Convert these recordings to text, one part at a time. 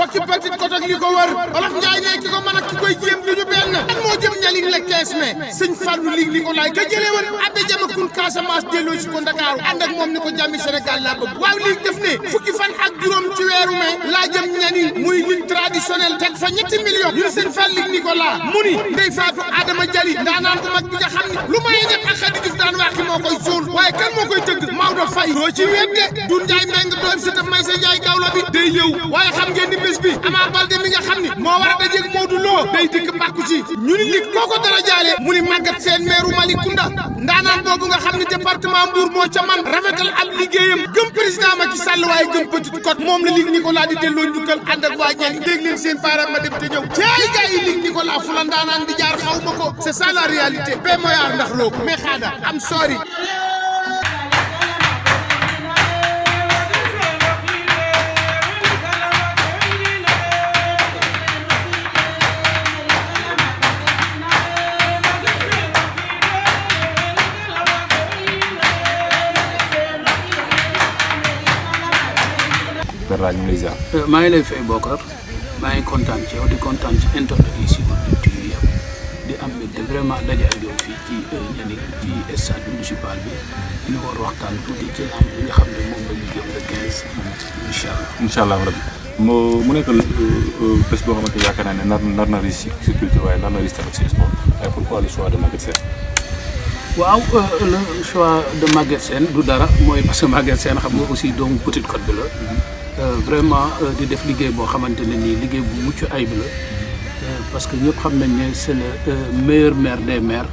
wax ci Petite Côte ak li ko wër olof Njaay ne ki ko mën a ki koy jéem duñu benn kan moo jëm ñalig le 15 mai sëñ Fallou lig li ko laay ka jëlee woon abbe jama kun Casamance delloo si ko Ndakaaru ànd ak moom ni ko jàmmi Sénégal laa bëgg waaw def ne fukki fan ak juróom ci weeru mai laa jëm ñani muy lutte traditionnelle teg fa ñetti million ñun sëñ Fallou ni ko laa mu ni Adama Jali ndaanaan bu mag bi nga xam lu maye def ak Xadi Juuf daan wax bés bi Ama mi nga xam ni moo war a dajeeg Modou Lo day dikk bàkku si ñu ni nit ko dara jaale mu ni màggat seen meeru Malicounda ndaanaan boobu nga xam ne département Mbour moo ca man rafetal ab liggéeyam gëm président Macky Sall gëm Petite Côte moom la Luc Nicolas di delloo njukkal ànd ak waa ñaan dégg seen baaraam ma dem te ñëw ceey gaa yi Luc la ndaanaan di jaar xaw ma ko c'est ça la réalité ba ndax loogu mais xaada Daal ñu eh, maa ngi lay fay maa ngi kontaan ci yow di kontaan ci internet yi si producteurs yi yëpp di am de vraiment daje ak yow fii ci ñeneen eh, ci stade municipal bi ñu war waxtaan tuuti ci am li nga xam ne moom la ñu jëm le 15. incha allah incha rabbi mu nekk eh, bés boo xamante yaakaar naa ne nar nar na riche si culture waaye nar na riche tamit si sport waaye pourquoi le choix de Maguette Sène. waaw le choix de Maguette Sène du dara mooy parce que Maguette xam nga aussi doomu Euh, vraiment euh, di def liggéey boo xamante ne nii liggéey bu mucc ayib la euh, parce que ñëpp xam nañ ne c'est le meilleur maire des maire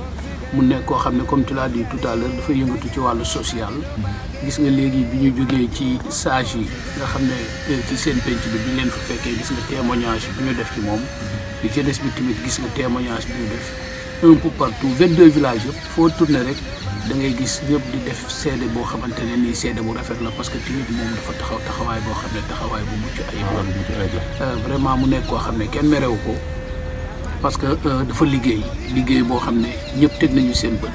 mu nekk koo xam ne comme tu l'as dit tout à l'heure dafa yëngatu ci wàllu social gis nga léegi bi ñu jógee ci sage yi nga xam ne ci seen penc bi bi leen fu fekkee gis nga témoignage bi ñu def ci moom jeunesse bi tamit gis nga témoignage bi ñu def un peu partout vingt-deux villages yëpp foo tourné rek da ngay gis ñëpp di def seede boo xamante ne nii seede bu rafet la parce que tamit moom dafa taxaw taxawaay boo xam ne taxawaay bu mucc ayib la euh, vraiment mu nekk koo xam ne kenn merewu ko parce que euh, dafa liggéey liggéey boo xam ne ñëpp teg nañu seen bët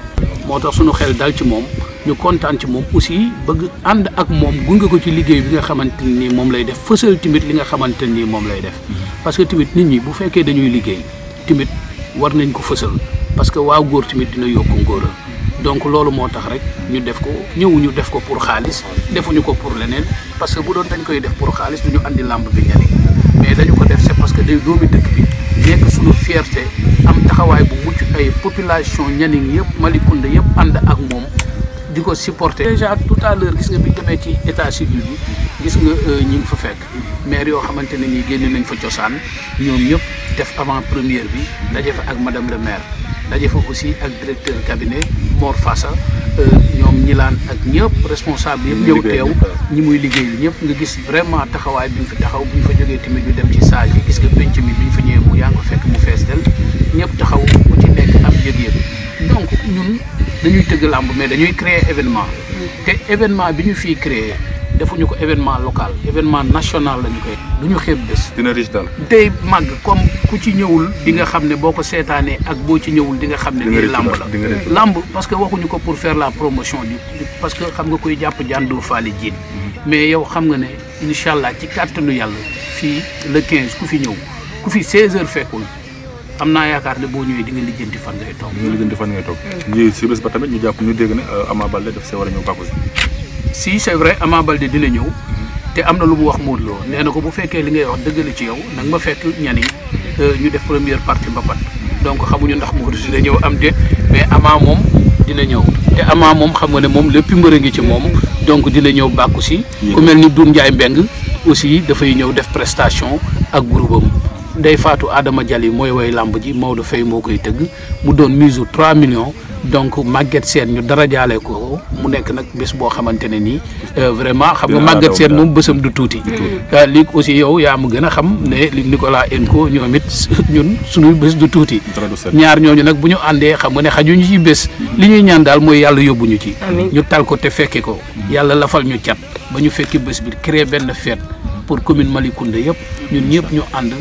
moo tax suñu xel dal ci moom ñu kontaan ci moom aussi bëgg ànd ak moom gunge ko ci liggéey bi nga xamante nii moom lay def fësal tamit li nga xamante nii moom lay def mm-hmm. parce que tamit nit ñi bu fekkee dañuy liggéey tamit war nañ ko fësal parce que waa góor tamit dina yokk ngóora donc loolu moo tax rek ñu def ko ñëwuñu def ko pour xaalis defuñu ko pour leneen parce que bu doon dañ koy def pour xaalis du ñu andi làmb bi njëriñ mais dañu ko def c'est parce que day doomi dëkk bi nekk suñu fierté am taxawaay bu mucc ay population ñaning yëpp Malicounda yëpp ànd ak moom di ko supporter déjà tout à l'heure gis nga bi ñu demee ci état civil bi gis nga euh, ñi ngi fa fekk maire yoo xamante ne nii génne nañ fa cosaan ñoom ñëpp def avant première bi daje fa ak madame le daje fa aussi ak directeur cabinet Mor Fassa euh, ñoom ñilaan ak ñëpp responsable yëpp ñëw teew ñi muy liggéey ñëpp nga gis vraiment taxawaay bi ñu fi taxaw bu ñu fa jógee tamit ñu dem ci saal yi gis nga pénc mi bi ñu fa ñëwee mu yaa ngi fekk mu fees del ñëpp taxaw ku ci nekk am yëg-yëg donc ñun dañuy tëgg làmb mais dañuy créer événement mm. te événement bi ñu fiy créer defuñu ko événement local événement national la ñu du ñu xeeb bés. dina riche màgg comme ku ci ñëwul di nga xam ne boo ko seetaanee ak boo ci ñëwul di nga xam ne. lii làmb la làmb parce que waxuñu ko pour faire la promotion du parce que xam nga koy jàpp jàndu faali jiin. Mm-hmm. mais yow xam nga ne incha allah ci kàttanu yàlla fii le quinze ku fi ñëw ku fi 16 heures fekkul. am naa yaakaar ne boo ñëwee di nga lijjanti fan ngay toog. di nga lijjanti si mm. bés ba tamit ñu jàpp si c'est vrai Ama Baldé dina ñëw te am na lu mu wax Modou Lo nee na ko bu fekkee li ngay wax dëggale ci yow nag ma fekk ñani euh, ñu def première partie mbapat donc xamuñu ndax Modou dina ñëw am de mais Ama moom dina ñëw te moom xam nga ne moom lépp mbër a ngi ci moom donc dina ñëw bàkku si ku mel ni Doudou Ndiaye Mbengue aussi dafay ñëw def prestation ak groupe am day faatu Adama Diallo mooy woy làmb ji Maodo Faye moo koy tëgg mu doon mise 3 millions donc màgget seen ñu dara jaale ko mu nekk nag bés boo xamante ne nii euh, vraiment xam nga Maguette Sène moom bésam du tuuti lii euh, aussi yow yaa mu gën a xam ne li Nicolas Enko ñoom it ñun suñu bés du tuuti ñaar ñooñu nag bu ñu àndee xam nga ne ñu ci bés li ñuy ñaan daal mooy yàlla yóbbuñu ci ñu tal ko te fekke ko yàlla lafal ñu cat ba ñu fekki bés bi créer benn fête pour commune Malicounda yëpp ñun ñëpp ñu ànd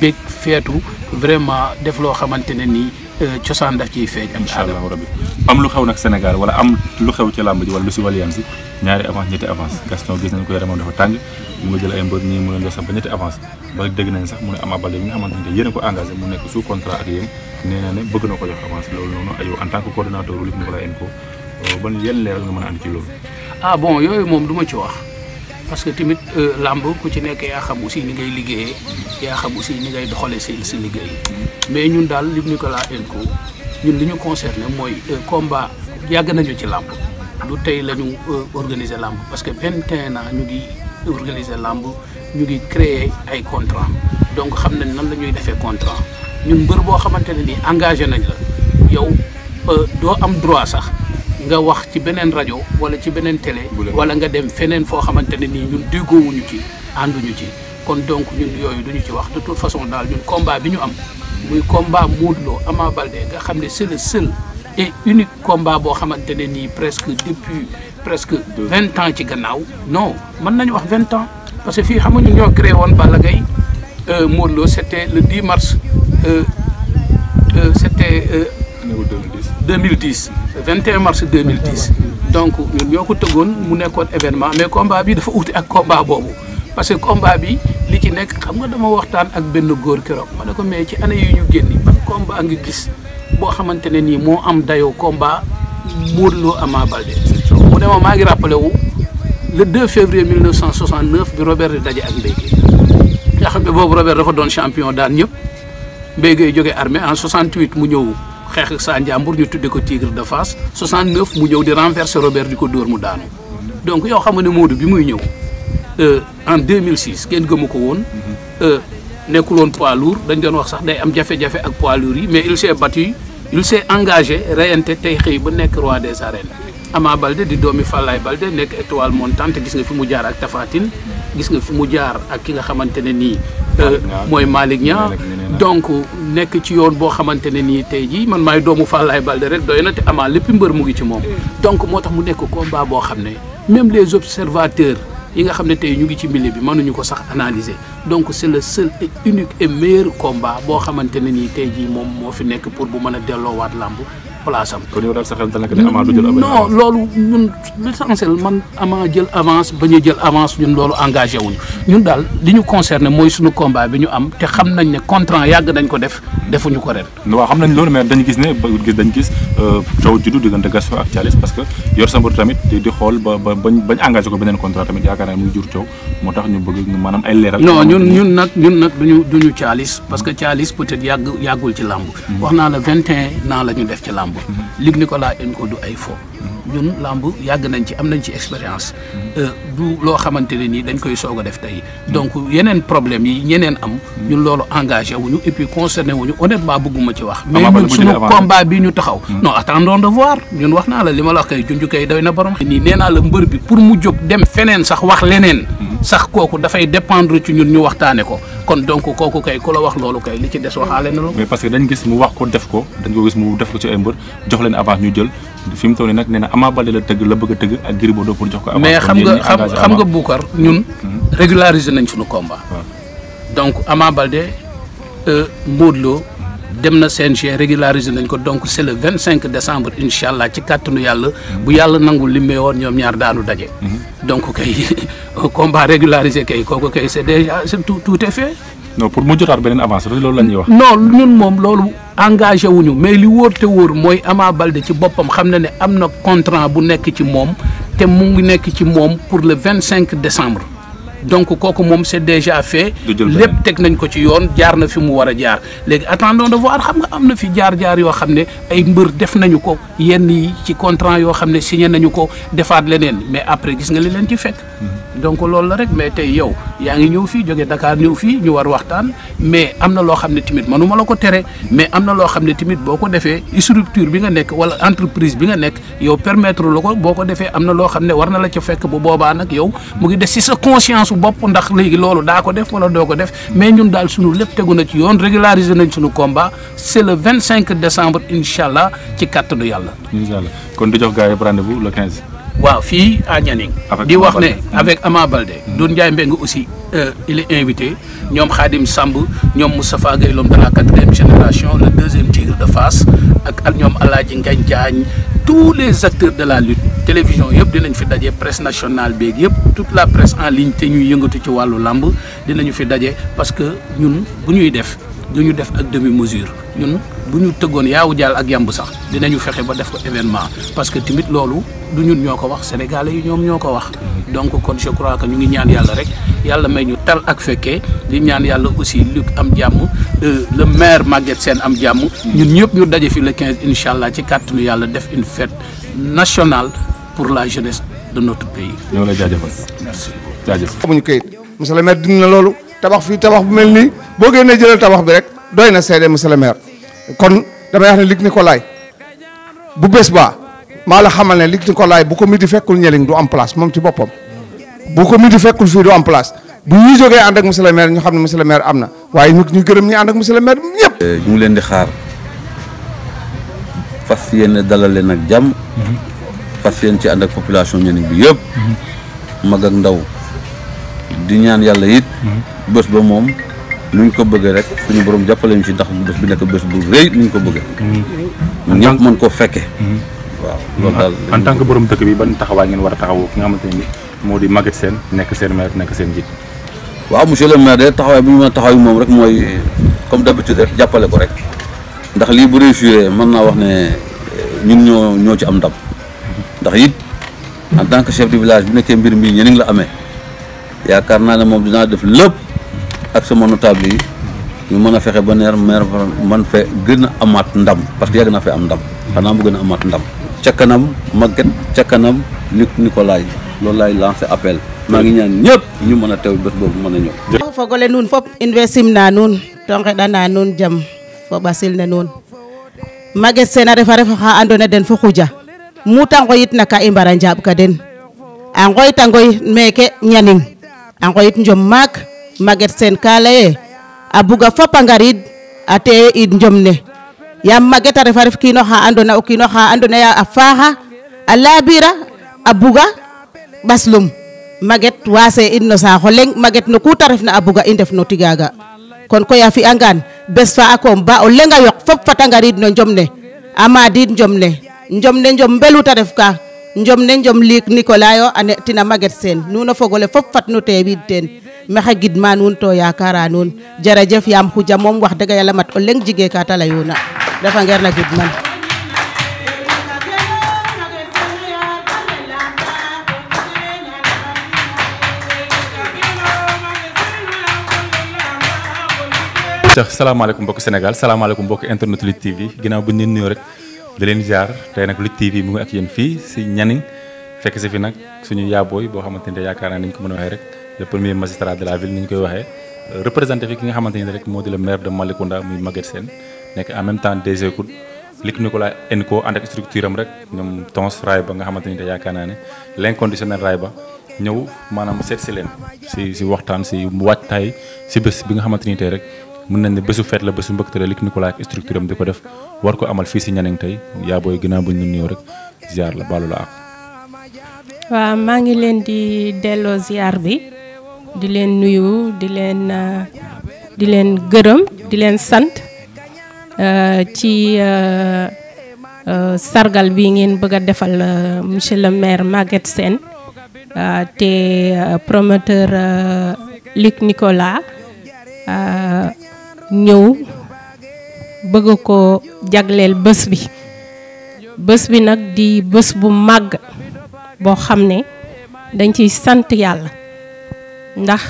bég feetu vraiment def loo xamante ne nii cosaan daf ciy feeñ. am incha allahu rabi am lu xew nag Sénégal wala am lu xew ci làmb ji wala lu si wàllu si ñaari avance ñetti avance Gaston gis nañ ko yaramam dafa tàng mu nga jël ay mbër mu ne Ama Baldé a ko engagé mu nekk sous contrat ak yéen nee ne bëgg na ko jox avance loolu noonu ayow en tant que coordonnateur Luc Nicolaï ko ban yan leeral nga mën a ànd ci loolu. ah bon yooyu moom du ma ci wax. parce que tamit euh, làmb ku ci nekk yaa xam aussi ni ngay liggéeyee yaa xam aussi ni ngay doxalee si si liggéey mais ñun daal li Nicolas Enco ñun li ñu concerné mooy euh, combat yàgg nañu ci làmb lu tey lañu ñu euh, organiser làmb parce que vingt et un ñu ngi organiser làmb ñu ngi créer ay contrat donc xam na nan la ñuy defee contrat ñun mbër boo xamante ne nii engagé nañ la yow doo am droit sax nga wax ci beneen rajo wala ci beneen télé. wala nga dem feneen foo xamante ne nii ñun déggoowuñu ci ànduñu ci. kon donc ñun yooyu duñu ci wax de toute façon daal ñun combat bi ñu am muy combat Modou Lo Ama Baldé nga xam ne c'est le seul et unique combat boo xamante ne nii presque depuis presque vingt ans ci gannaaw. non mën nañu wax vingt ans parce que fii xamuñu ñoo créé woon Balla Gaye euh, Modou Lo c'était le 10 mars euh, euh, c'était. 2010. 21 mars 2010 donc ñoo ko tëggoon mu nekkoon événement mais combat bi dafa uute ak combat boobu parce que combat bi li ci nekk xam nga dama waxtaan ak benn góor keroog ma ne ko mais ci année yu ñu génni ban combat nga gis boo xamante ne nii moo am dayoo combat Modou Lo Ama Baldé mu ne ma maa ngi rappelé wu le 2 février 1969 bi Robert di daje ak Mbaye Guèye nga xam boobu Robert dafa doon champion daal ñëpp Mbaye Guèye jógee armée en 68 mu ñëw xeex ak saa njàmbur ñu tudde ko Tigre de Fass 69 mu ñëw di renverser Robert di ko dóor mu daanu donc yow xam nga ne Modou bi muy ñëw euh, en kenn gëmu ko woon mhm. euh, nekkul woon dañ doon wax sax day am jafe-jafe ak poids yi mais il s'est battu il s'est engagé reyante tey xëy ba nekk roi des arènes Ama Balde di doomi Fallaye Balde nekk étoile montante gis nga fi mu jaar ak Tapha Tine gis nga fi mu jaar ak ki nga xamante ne nii euh, mooy Malick donc nekk ci yoon boo xamante ne nii tey jii man maay doomu Fallaye Balde rek doy na te Ama lépp mbër mu ngi ci moom. donc moo tax mu nekk combat boo xam ne même les observateurs yi nga xam ne tey ñu ngi ci milieu bi mënuñu ko sax analyser donc c' est le seul et unique et meilleur boo xamante ne nii tey jii moom moo fi nekk pour bu mën a delloowaat làmb. place am. loolu ñun l'essentiel man Ama jël avance ba ñu jël avance ñun loolu engagé ñun daal li ñu concerné mooy suñu combat bi ñu am te xam nañ ne contrat yàgg dañ ko def defuñu ko ren. waaw xam nañ loolu mais dañu gis ne gis dañ gis coow euh, juddu diggante Gaston ak Thialis parce que yor sa tamit di xool ba ba bañ engagé ko beneen contrat tamit yaakaar naa muy jur coow moo tax ñu bëgg maanaam ay leeral. non ñun nag ñun nag duñu duñu parce que Luc Nicolas Enco du ay fo ñun làmb yàgg nañ ci am nañ ci expérience euh, du loo xamante ne nii dañ koy soog a def tey donc yeneen problème yi ñeneen am ñun loolu engage engagé ñu et puis concerné wuñu honnêtement bëgguma ci wax mais ñun suñu combat bi ñu taxaw hmm. non attendons de voir ñun wax naa la li ma la wax kay junj kay na borom nii nee naa la mbër bi pour mu jóg dem feneen sax wax leneen hmm. sax kooku dafay dépendre ci ñun ñu waxtaane ko kon donc kooku kay ku la wax loolu kay li ci des waxaale na loolu mais parce que dañ gis mu wax ko def ko dañ ko gis mu def ko ci ay mbër jox leen avance ñu jël fi mu toll nii nag nee na Ama Baldé la tëgg la bëgg a tëgg ak Gris Bordeaux pour jox ko avance mais xam nga xam nga Boucar ñun hmm. régulariser nañ suñu combat donc Ama Baldé euh, Modou loo dem na CNG régularisé nañ ko donc c' le vingt cinq décembre incha allah ci kàttanu yàlla. bu yàlla nangu li may woon ñoom ñaar daanu daje. donc kay combat régularisé kay kooku kay c' est déjà c' est tout tout est fait. non pour mu jotaat beneen avance loolu la ñuy wax. non ñun moom loolu engagé wuñu mais li wóor te woor mooy Ama Baldé ci boppam xam na ne am na contrant bu nekk ci moom te mu ngi nekk ci moom pour le vingt cinq décembre. donc kooku moom c'est déjà fait lépp teg nañ ko ci yoon jaar na fi mu war a jaar léegi attendons de voir xam nga am na fi jaar-jaar yoo xam ne ay mbër def nañu ko yenn yi ci contrant yoo xam ne signé nañu ko defaat leneen mais après gis nga li leen ci fekk mhm. donc loolu la rek mais tey yow yaa ngi ñëw fii jóge Dakar ñëw fii ñu war waxtaan mais am na loo xam ne tamit mënuma la ko tere mais am na loo xam ne tamit boo ko defee structure bi nga nekk wala entreprise bi nga nekk yow permettre la ko boo ko defee am na loo xam ne war na la ca fekk bu boobaa nag yow su bopp ndax léegi loolu daa ko def wala doo ko def mais ñun daal sunu lépp tegu na ci yoon régulariser nañ sunu combat c' est le 25 décembre incha allah ci kàttanu yàlla. incha allah kon di jox gars yi rendez-vous le waaw fii à Nianing di wax ne avec Ama Baldé hmm. Doudou Ndiaye Mbengue aussi euh, il est invité ñoom Khadim Samb ñoom Moustapha Gueye Lom de la quatrième génération le deuxième tigre de Fass ak ak ñoom Alaaji Ngagne Diagne tous les acteurs de la lutte télévision yëpp dinañ fi daje presse nationale beeg yëpp tout la presse en ligne te ñuy yëngatu ci wàllu làmb dinañu fi daje parce que ñun bu ñuy def du ñu def ak demi mesure ñun bu ñu tëggoon yaawu jaal ak yàmb sax dinañu fexe ba def ko événement parce que tamit loolu du ñun ñoo ko wax sénégalais yi ñoom ñoo ko wax donc kon je crois que ñu ngi ñaan yàlla rek yàlla may ñu tal ak fekkee di ñaan yàlla aussi Luc am jàmm euh, le maire màgget seen am jàmm ñun ñëpp ñu daje fi le 15 incha allah ci kàttanu yàlla def une fête nationale pour la jeunesse de notre pays. ñoo kayit monsieur le maire na loolu tabax fii tabax bu mel nii boo génnee jëlal tabax bi rek doy na seede monsieur le maire kon damay wax ne Luc Nicolaï bu bés baa maa la xamal ne Luc Nicolaï bu ko midi fekkul ñeliñ du am place moom ci boppam bu ko midi fekkul fii du am place bu ñuy jógee ànd ak monsieur le ñu xam ne monsieur le maire am na waaye ñu ñu gërëm ñi ànd ak monsieur le maire eh, ñu leen di xaar fas yéene dalal leen jàmm. Mhm. fas yéen ci ànd ak population ñeneen bi yëpp mag ndaw di ñaan yàlla yit bés ba moom nu ko bëggee rek suñu borom jàppale ñu ci ndax bés bi nekk bés bu rëy nu ko bëggee ñëpp mën koo fekke hmm. waaw loolu daal en tant que borom dëkk bi ban taxawaay ngeen war a taxawoo nga xamante ne moo di Maguette Sène nekk seen maire nekk seen jiit waaw monsieur le maire de taxawaay bu ñu mën a taxaw moom rek mooy comme d'habitude jàppale ko rek ndax lii bu réussir mën naa wax ne ñun ñoo ñoo ci am ndam ndax it en tant que chef de village bu nekkee mbir mi ñeneen la amee yaakaar naa ne moom dinaa def lépp ak sama notable yi ñu mën a fexe ba neer maire man fe gën a amaat ndam parce que yàgg naa fee am ndam xanaa mu na a amaat ndam ca kanam Maguette ca kanam Luc Nicolaï loolu laay lancé appel maa ngi ñaan ñëpp ñu mën a tew bés boobu mën a ñëw fogole nuun fop in way simna nuun tongeɗana nuun jam fo ɓasil ne nuun Maguette seen a refa ref oxa andoona den fo xuja muta ngoyitna ka i mbara njaɓ ka den a ngoyta ngoy meeke ñaning a ngoyit njom maak Maguette Sene ka leye a buga fop a ngariid a teye iid njom ne yaam Maguette a refa ref kiino xa o kiino xa ando a faaxa a labira a buga ɓaslum Maguette waase in no saaxo leŋ Maguette no kuta refna a buga i ndef no tigaga kon koy a fi'angaan bes fa a koom ba o leŋ a yoq fop fata ngariid no njom ne a madiid njom ne jomde joom mbeluta ref ka jomde joom liik nicolas yo a ne'tina Maguette Sene nuno fogole fop fat nu teewid teen maxey gidma nuun to yakara nuun jerejef yaam xuja moom wax deg yala mat o leŋ jige ka te leyuna refa ngeer na gidman salaamaaleykum mbokk Sénégal salaamaaleykum mbokk internet Lutte TV ginnaaw bu ñu nuyoo rek di leen ziar tey nag Lutte TV mu ngi ak yéen fii si Nianing fekk si fi nag suñu yaabooy boo xamante ne yaakaar naa ni ñu ko mën waxee rek le premier magistrat de la ville ki nga xamante ne rek moo di le maire de Malicounda muy Maguette Sène nekk en même temps DG COUD Luc Nicolaï Enco ànd ak structure am rek ñoom tons raay ba nga xamante ni te yaakaar naa ne l'inconditionnel raay ba ñëw maanaam seet si leen si si waxtaan si waajtaay si bés bi nga xamante ni tey rek mun nañ ne bésu feet la bésu mbëkk la Luc Nicolaï ak structure di ko def war ko amal fii si Nianing tey yaa booy gënaa bu ñu nuyoo rek ziar la baalu la ak waaw maa ngi leen di delloo ziar bi di leen nuyu di leen uh, leen gërëm di leen sant uh, ci uh, sargal bi ngeen bëgg a defal monsieur le maire Maguette Sène te promoteur Luc Nicolaï ñëw bëgg ko jagleel bés bi bés bi nag di bés bu màgg boo xam ne dañ ciy sant yàlla ndax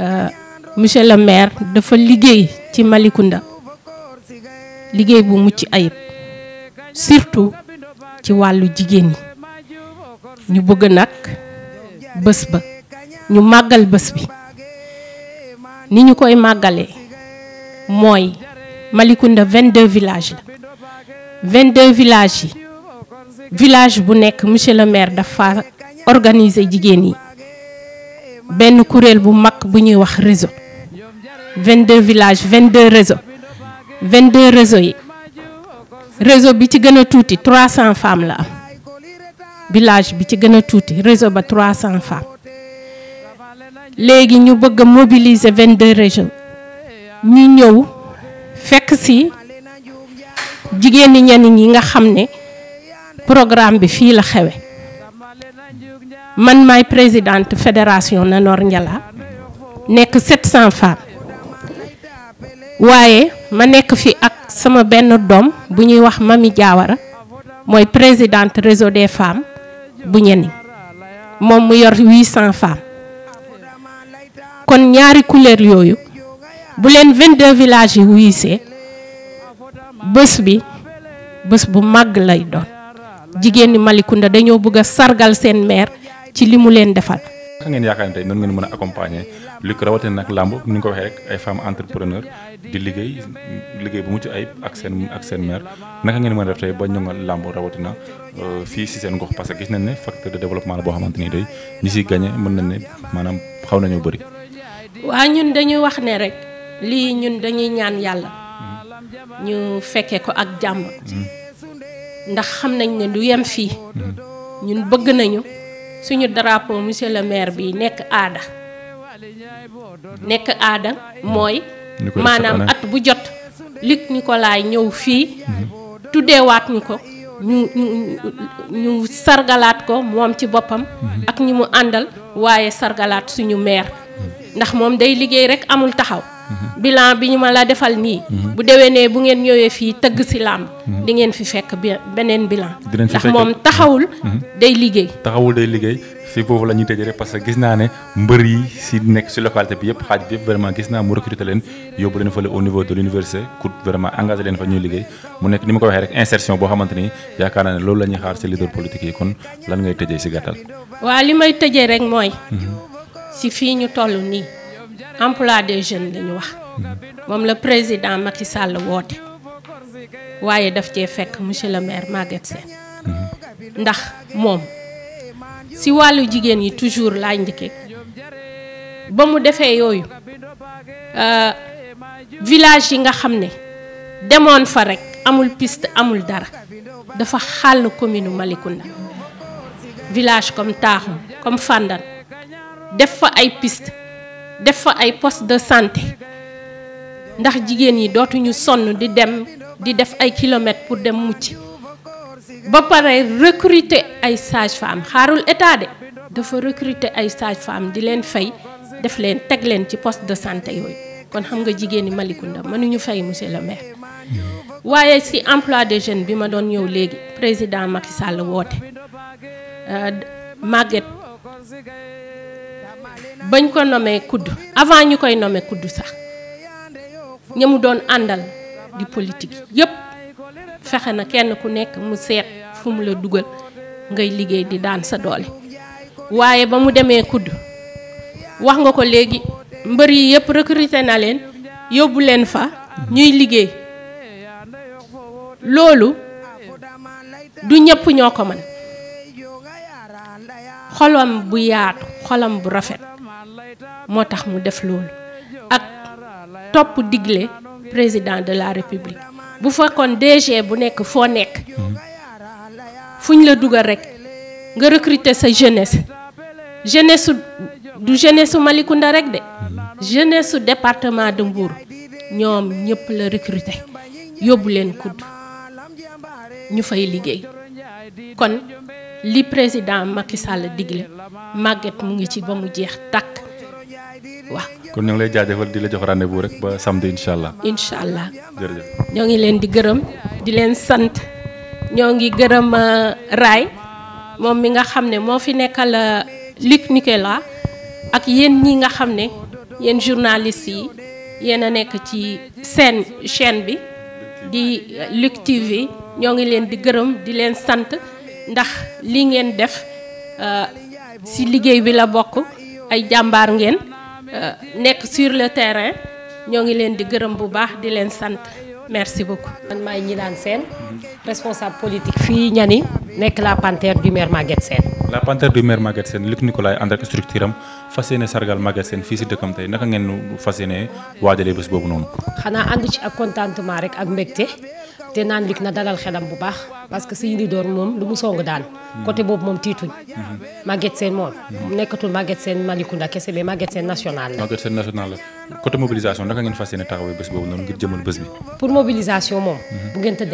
euh, monsieur le maire dafa liggéey ci Malicounda liggéey bu mucc ayib surtout ci wàllu jigéen ñi ñu bëgg nag bés ba ñu màggal bés bi ni ñu koy màggalee mooy Malicounda 22 villages la 22 villages yi village bu nekk monsieur le maire dafa organiser jigéen yi benn kuréel bu mag bu ñuy wax réseau village villages 22 réseaux 22 réseaux yi réseau bi ci gën a tuuti 300 femmes la am village bi ci gën a tuuti réseau ba 300 femmes léegi ñu bëgg a mobiliser 22 régions. ñu ñëw fekk si jigéen ñi ñenn ñi nga xam ne programme bi fii la xewe man maay présidente fédération noor Njala nekk 700 femmes waaye ma nekk fi ak sama benn doom bu ñuy wax ma mi Diawara mooy présidente réseau des femmes bu ñenni moom mu yor 800 femmes kon ñaari couleur yooyu bu leen 22 village yi wuyisee bés bi bës bu màgg lay doon jigéen ñi Malicounda dañoo bëgg a sargal seen maire ci li mu leen defal. naka ngeen yaakaar ne tey noonu mën accompagner lu ko rawatina nag làmb ni nga ko waxee rek ay femmes entrepreneur di liggéey liggéey bu mucc ayib ak seen ak seen maire naka ngeen mën a def tey ba ñoŋal làmb rawatina euh, fii si seen gox parce que gis nañ ne facteur de boo xamante ni day ñi siy gagné mën nañ ne maanaam xaw nañoo bëri. waa ñun dañuy wax ne rek. lii ñun dañuy ñaan yàlla ñu fekke ko ak jàmm ndax xam nañ ne du yem fii ñun bëgg nañu suñu drapeau monsieur le maire bi nekk aada nekk aada mooy maanaam at bu jot ko Nicolaï ñëw fii tuddeewaat ñu ko ñu sargalaat ko moom ci boppam ak ñi mu àndal waaye sargalaat suñu meer ndax moom day liggéey rekk amul taxaw bilan bi ñu ma la defal nii. Mhm. bu déwénee bu ngeen ñëwee fii tëgg si làmb. Mhm. di ngeen fi fekk bi beneen bilan. ndax moom mhm. taxawul. day liggéey taxawul day liggéey. si foofu la tëjee rek parce gis naa ne mbër yi si nekk si localité bi yëpp xaaj bi yëpp gis naa mu recruter leen yóbbu leen fële au niveau de l'université pour vraiment engagé leen fa ñuy liggéey mu nekk ni ma ko waxee rek insertion boo xamante ni yaakaar naa ne loolu la xaar si leader emploi des jeunes lañu wax moom la président Macky Sall woote waaye daf cee fekk monsieur le maire Maguette Sène ndax moom si wàllu jigéen yi toujours laay njëkke ba mu defee yooyu euh, village yi nga xam ne demoon fa rek amul piste amul dara dafa xàll commune Malicounda village comme Taaxum comme Fandane def fa ay piste def fa ay poste de santé ndax jigéen yi dootuñu sonn di dem di def ay kilomètres pour dem mucc ba pare recruter ay sages-femmes xaarul état de dafa recruter ay sage femmes di leen fay def leen teg leen ci poste de santé yooyu kon xam nga jigéen yi Malicounda mënuñu fay monsieur le waaye si emplois des jeunes bi ma doon ñëw léegi président Macky Sall woote euh, Maguette bañ ko nommé kudd avant ñu koy nommé kudd sax ña mu doon àndal di politique yépp fexe na kenn ku nekk mu seet fu mu la dugal ngay liggéey di daan sa doole waaye ba mu demee kudd wax nga ko léegi mbër yi yépp recruté na leen yóbbu leen fa ñuy liggéey loolu du ñépp ñoo ko mën xolam bu yaatu xolam bu rafet moo tax mu def loolu ak topp digle président de la république bu fekkoon DG bu nekk foo nekk fu ñu la dugal rek nga recruter sa jeunesse jeunesse du jeunesse su Malicounda rek de jeunesse su département de Mbour ñoom ñëpp la recruter yóbbu leen kudd ñu fay liggéey kon li président Macky Sall digle màgget mu ngi ci ba mu jeex tàkk waa kon ñu lay jaajëfal di la jox rek ba samedi incha allah. incha ñoo ngi leen di gërëm di leen sant ñoo ngi gërëm euh, Raay moom mi nga xam ne moo fi nekkal euh, Luc nikela ak yéen ñi nga xam ne yéen journaliste yi yéen a nekk ci seen chaîne bi di euh, Luc TV ñoo ngi leen di gërëm di leen sant ndax li ngeen def ci liggéey bi la bokk ay jàmbaar ngeen. Euh, nekk sur le terrain ñoo ngi leen di gërëm bu baax di leen sant merci beaucoup. man maay Gnilane Sène responsable politique fii ñani nekk la panthère du maire Maguette Sène. la panthère du maire Maguette seen Luc Nicolaï ànd ak structure am fas yéene sargal Maguette seen fii si dëkkam tey naka ngeen fas yéene waajalee bés boobu noonu. xanaa ànd ci ak contentement rek ak mbégte. te naan lig na dalal xelam bu baax parce que Seyni Dóor moom lu mu song daan. côté boobu moom tiituñ. magget Sène moom. Mhm. nekkatul seen Sène Malicounda kese mais Maguette Sène national la. Maguette Sène national la côté mobilisation naka ngeen fas yéene taxawee bés boobu noonu ngir jëmal bés bi. pour mobilisation moom. Mhm. bu mhm. te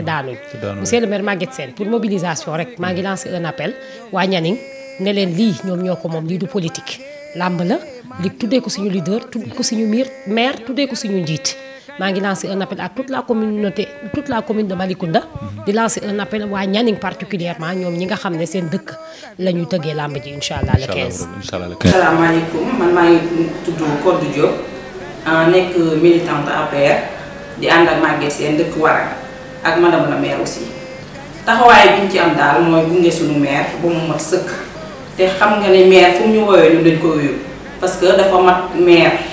daanuñ. monsieur le maire Maguette Sène pour mobilisation rek maa ngi lancé un appel waa Nianing ne leen lii ñoom ñoo ko moom lii du politique làmb la. li tuddee ko suñu leader tuddee ko suñu miir mair tuddee ko suñu njiit. maa ngi lancé un appel à toute la communauté toute la commune de Malicounda di lancer un appel waa Nianing particulièrement ñoom ñi nga xam ne seen dëkk la ñuy tëggee làmb ji incha allah le 15 incha allah le 15 man maa ngi tudd Codou Diop nekk militante APR di ànd ak Maguette Sène dëkk Warang ak madame la maire aussi taxawaay bi ci am daal mooy gunge suñu maire ba mu mat sëkk te xam nga ne maire fu ñu woowee ñu dañ ko wéyu parce que dafa mat maire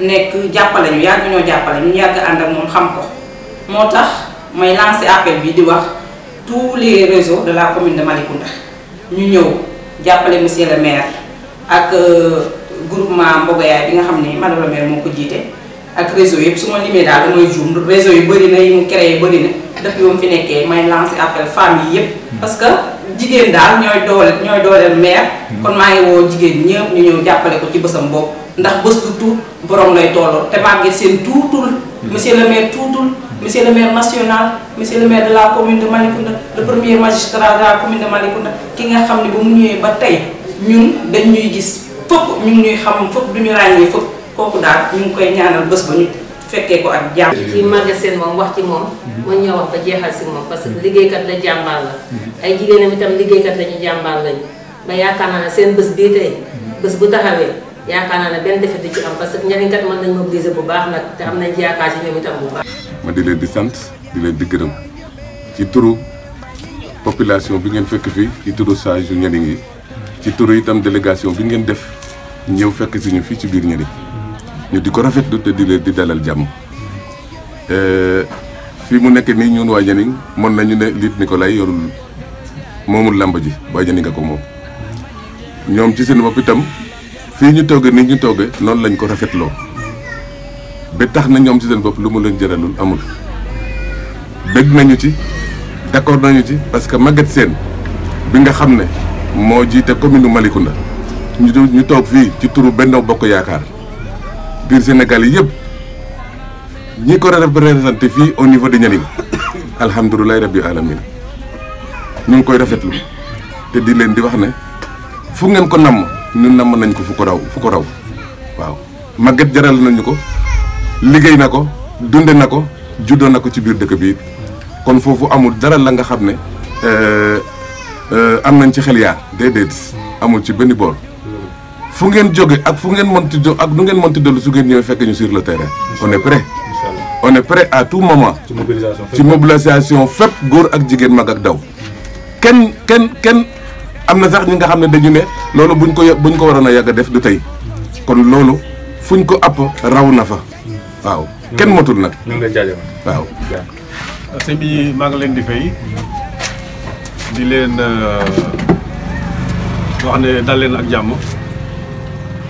nekk jàppale ñu yàgg ñoo jàppale ñu yàgg ànd moom xam ko moo tax may lancé appel bi di wax tous les réseaux de la commune de Malicounda ñu ñëw jàppale monsieur le maire ak euh, groupement Mbogoyaay bi nga xam ni madame la maire moo ko jiite ak réseau yëpp su ma limee daal damay juum réseau yu bëri yi mu créé bëri na dëkk yu fi nekkee may lancé appel femmes yi yëpp hmm. parce que jigéen daal ñooy doole ñooy dooleel maire hmm. kon maa ngi woo jigéen ñëpp ñu ñëw jàppale ko ci bësam bopp ndax bés du tuut borom lay tolloo te Maguette Sène tuutul hmm. monsieur le maire tuutul hmm. monsieur le maire national monsieur le maire de la commune de Malicounda le premier magistrat de la commune de Malicounda ki nga xam ne ba mu ñëwee ba tey ñun dañ ñuy gis fëpp ñu ñuy xam fëpp du ñu ràññee fëpp kooku daal ñu ngi koy ñaanal bës ba ñu fekkee ko ak jàmm. ci Maguette Sène moom wax ci moom. mën hmm. ñoo wax jeexal si moom parce que liggéeykat la jàmbaar la. ay jigéenam itam liggéeykat lañu jàmbaar lañu ba yaakaar naa ne seen bës bii tey bés bu taxawee. yaakaar naa ne benn defet di ci am parce que njëriñ kat mën nañ bu baax nag te am nañ ci yaakaar ci ñoom itam bu baax. ma di leen di sant di leen di gërëm ci turu population bi ngeen fekk fii ci turu sage yu Nianing yi ci turu itam délégation bi ngeen def ñëw fekk si ñu fii ci biir Nianing ñu di ko rafetlu te di leen di dalal jàmm euh, fii mu nekk nii ñun waa Nianing mën nañu ne liit Nicolas yorul moomul làmb ji waa Nianing nga ko moom ñoom ci seen bopp itam. fii ñu toggee nit ñu toggee noonu lañ ko rafetloo ba tax na ñoom ci seen bopp lu mu leen jëralul amul bëgg nañu ci d'accord nañu ci parce que Maguette Sène bi nga xam ne moo jiite commune Malicounda ñu ñu toog fii ci turu Benno Bokk Yaakaar biir Sénégal yi yëpp ñi ko représenté fii au niveau de Nianing alhamdulilahi rabbi alamin ñu ngi koy rafetlu te di leen di wax ne fu ngeen ko namm ñun namm nañ ko fu ko raw ko raw waaw màgget jaral nañu ko liggéey na ko dunde na ko juddoo na ko ci biir dëkk bi kon foofu amul dara la nga xam ne euh, euh, am nañ ci xel yaa yaar déedéet amul ci benn bool fu ngeen jóge ak fu ngeen mënti jo ak nu ngeen mënti dellu su ngeen ñëwee fekk ñu sur le terrain on est prêt on est prêt à tout moment ci mobilisation fépp góor ak jigéen mag ak daw kenn kenn kenn am na sax ñi nga xam ne dañu ne loolu buñ ko buñ ko waroon na yàgg a def du tey kon loolu fuñ ko app raw na fa waaw kenn motul nag ñu lay jaajëfal waaw bi maa ngi leen di fay di leen euh, xam ne dal leen ak jàmm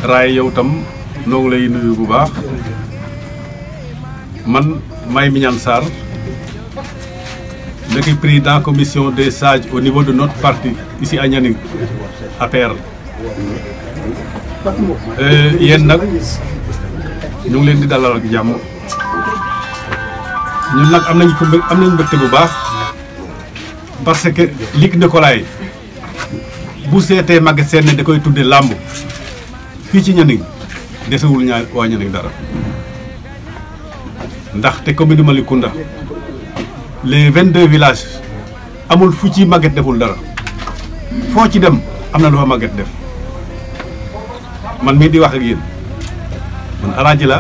raay yow tam noo lay nuyu bu baax man may Mignane Sarr Je suis président commission des sages au niveau de notre parti, ici à Nianing, à Terre. Euh, yéen nag ñu ngi leen di dalal ak jàmm ñun nag am nañu am nañu mbégte bu baax parce que Luc Nicolaï bu seetee Maguette Sène da koy tuddee làmb fii ci Nianing desewul ñaa waa Nianing dara ndaxte commune Malicounda les vingt deux villages amul fu ci màgget deful dara foo ci dem am na lu fa màgget def man mii di wax ak yéen man alaaji la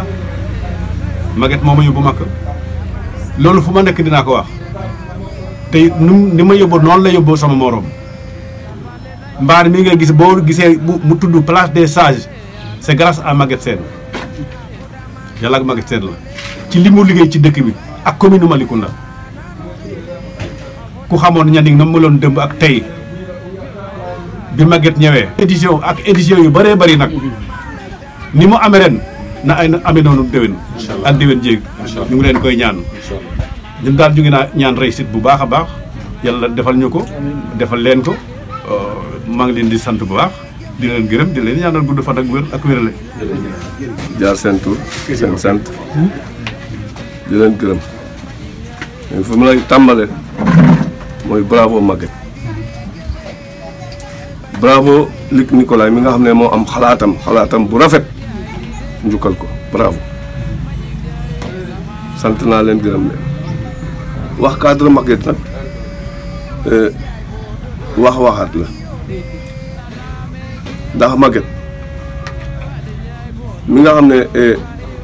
màgget moomu ma yóbbu màkk loolu fu ma nekk dinaa ko wax te nu ni ma yóbbu noonu la yóbbu sama moroom mbaar mii nga gis boo gisee mu tudd place des sages c'est grâce à Maguette Sène yàlla ak Maguette la ci li mu liggéey ci dëkk bi ak commune Malicounda ku xamoon ñaning mu meloon dëmb ak tey bi Maguette ñëwee. édition ak édition yu bëree bari nag ni mu amee ren na ay amee noonu déwén. ak déwén jéeg. ñu ngi leen koy ñaan. ñun daal ñu ngi naa ñaan réussite bu baax a baax yàlla defal ñu ko. defal leen ko euh, maa ngi leen di sant bu baax di leen gërëm di leen ñaanal bu fan ak wér ak wérale. jaar seen tur seen hmm? leen gërëm fu mu lay tàmbalee. mooy bravo Maguette bravo Luc Nicolaï mi nga xam ne moo am xalaatam xalaatam bu rafet njukkal ko bravo sant naa leen gërëm leen wax cadre Maguette nag euh, wax waxaat la ndax Maguette mi nga xam ne euh,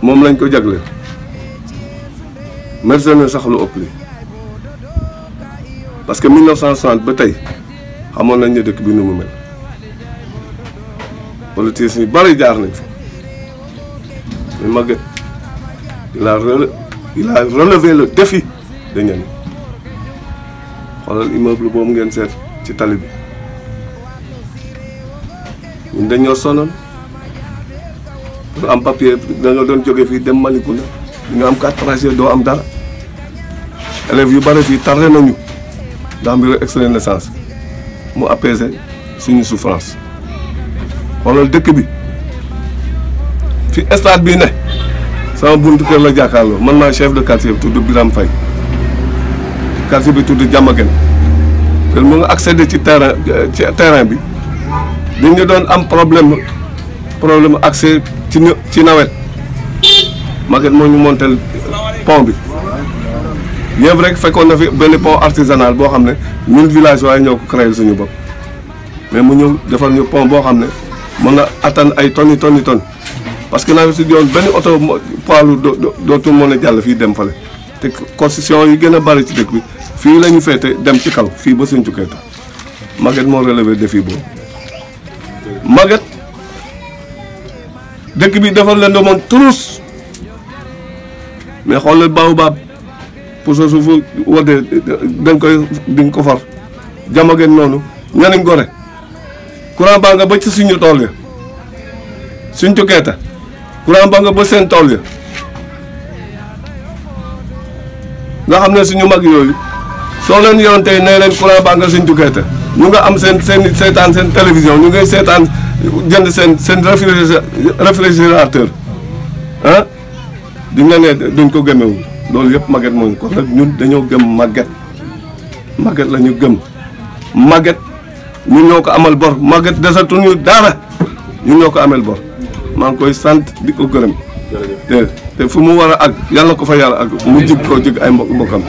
moom lañ ko jagle merci na sax lu ëpp li parce que 1960 ba tey xamoon nañ ne dëkk bi nu mu mel politique yu bari jaar nañ fa mais Maguette il a rele il a relevé le defi de ñenn xoolal immeuble boobu ngeen seet ci tali bi ñun dañoo sonal pour am papier da doon jóge fii dem Malicounda di ñu am carte tracée doo am dara élèves yu bari fii tardé nañu. daan bi rek extrait naissance mu apaiser suñu souffrance xoolal dëkk bi fi stade bii ne sama buntu kër la jàkkaarloo man maa chef de quartier bi tudd Birame Faye quartier bi tudd Diamaguène te mu nga accéder ci terrain ci terrain bi dañu doon am problème problème accès ci nawet Maguette moo ñu montel pont bi bien vrai fekkoon na fi benn pont artisanal boo xam ne ñun village waaye ñoo ko créé suñu bopp mais mu ñëw defal ñu pont boo xam ne mën na attan ay tonnes tonnes ton parce que nawet si yoon benn oto poids lourd dootu mën a jàll fii dem fale te concession yi gën a bari ci dëkk bi fii la ñu féete dem ci kaw fii ba Sinthiou Keita Maguette moo de défi boobu Maguette dëkk bi dafa leen doon mën turus mais xoolal baobab pour su fu wootee dañ koy di ko far jama ngeen noonu ñaniñ gore courant baa nga ba ci suñu tool ya suñ tukkeeta courant baa nga ba seen tool ya nga xam ne suñu mag yooyu soo leen yoon tey nee leen courant baa nga suñ tukkeeta ñu nga am seen seen seetaan seen télévision ñu ngay seetaan jënd seen seen réfrigérateur ah di nga ne duñ ko génnewul loolu yëpp màgget mooñu ko ak ñun dañoo gëm màgget màgget la ñu gëm màgget ñun ñoo ko amal bor màgget desatuñu dara ñun ñoo ko ameel bor maa ngi koy sant di ko gërëm te te fu mu war a àgg yàlla ko fa yàlla àgg mu jig koo jig ay mbokk mbokkam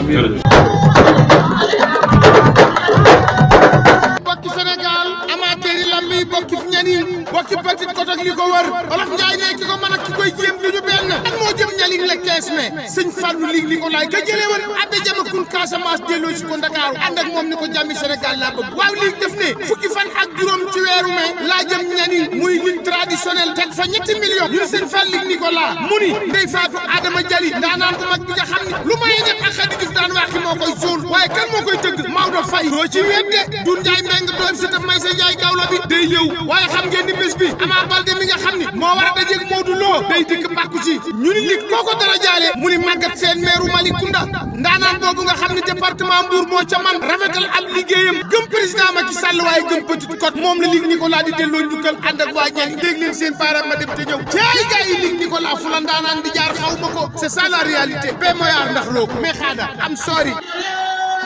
Petite Côte ak li ko wër Olof Njaay ne ki ko mën ak ki koy jéem duñu benn kan moo jëm ña lig le 15 mai sëñ Fallou lig li ko laay ka jëlee woon adda jama kun Casamance delloo si ko Ndakaaru ànd ak moom ni ko jàmmi Sénégal laa bëgg waaw lig def ne fukki fan ak juróom ci weeru mai laa jëm ñani muy lig traditionnel teg fa ñetti million ñun sëñ Fall lig ni mu ni ndey faatu Adama Jali ndaanaan bu mag bi nga xam ne lu may def ak xadi gis daan waxi Ama Baldé mi nga xam ni moo war a dajeeg Modou Lo day dikk pàkku si ñu ni nit mu ni màggat seen meeru Malicounda ndaanaan boobu nga xam ne département Mbour moo ca rafetal ab liggéeyam gëm président Macky Sall waaye gëm Petite Côte moom la Luc Nicolas di delloo njukkal ànd ak waa ñaan dégg leen seen baaraam ma dem te ñëw jaay gaay yi Luc Nicolas fu la ndaanaan di jaar xaw ma ko c'est ça la réalité ba mooy aar ndax loo mais